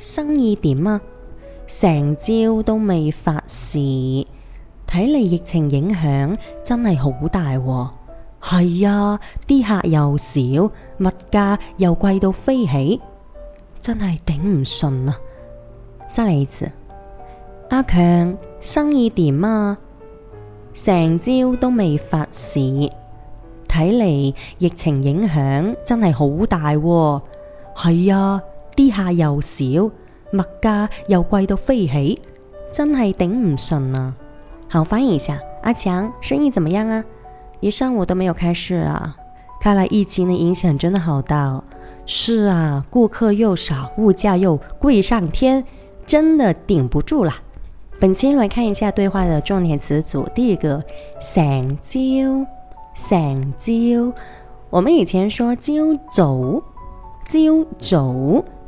生意點啊？成朝都未發市。睇嚟疫情影響真係好大。係啊，啲、啊、客又少，物價又貴到飛起，真係頂唔順啊！真係，阿強生意點啊？成朝都未發市。睇嚟疫情影響真係好大。係啊。啲客又少，物價又貴到飛起，真係頂唔順啊！好，翻譯一下，阿強生意怎麼樣啊？一上午都沒有開市啊！看來疫情的影響真的好大哦。是啊，顧客又少，物價又貴上天，真的頂不住啦。本期來看一下對話的重點詞組，第一個成朝成朝，我們以前說朝早朝早。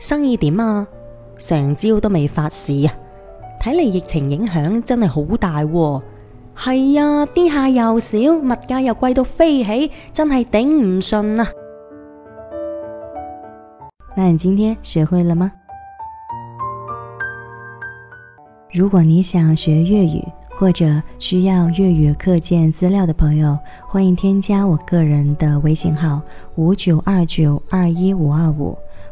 生意點啊？成朝都未發市啊！睇嚟疫情影響真係好大喎。係啊，啲客、 啊、又少，物價又貴到飛起，真係頂唔順啊！那你今天學會了嗎？如果你想學粵語或者需要粵語課件資料的朋友，歡迎添加我個人的微信號五九二九二一五二五。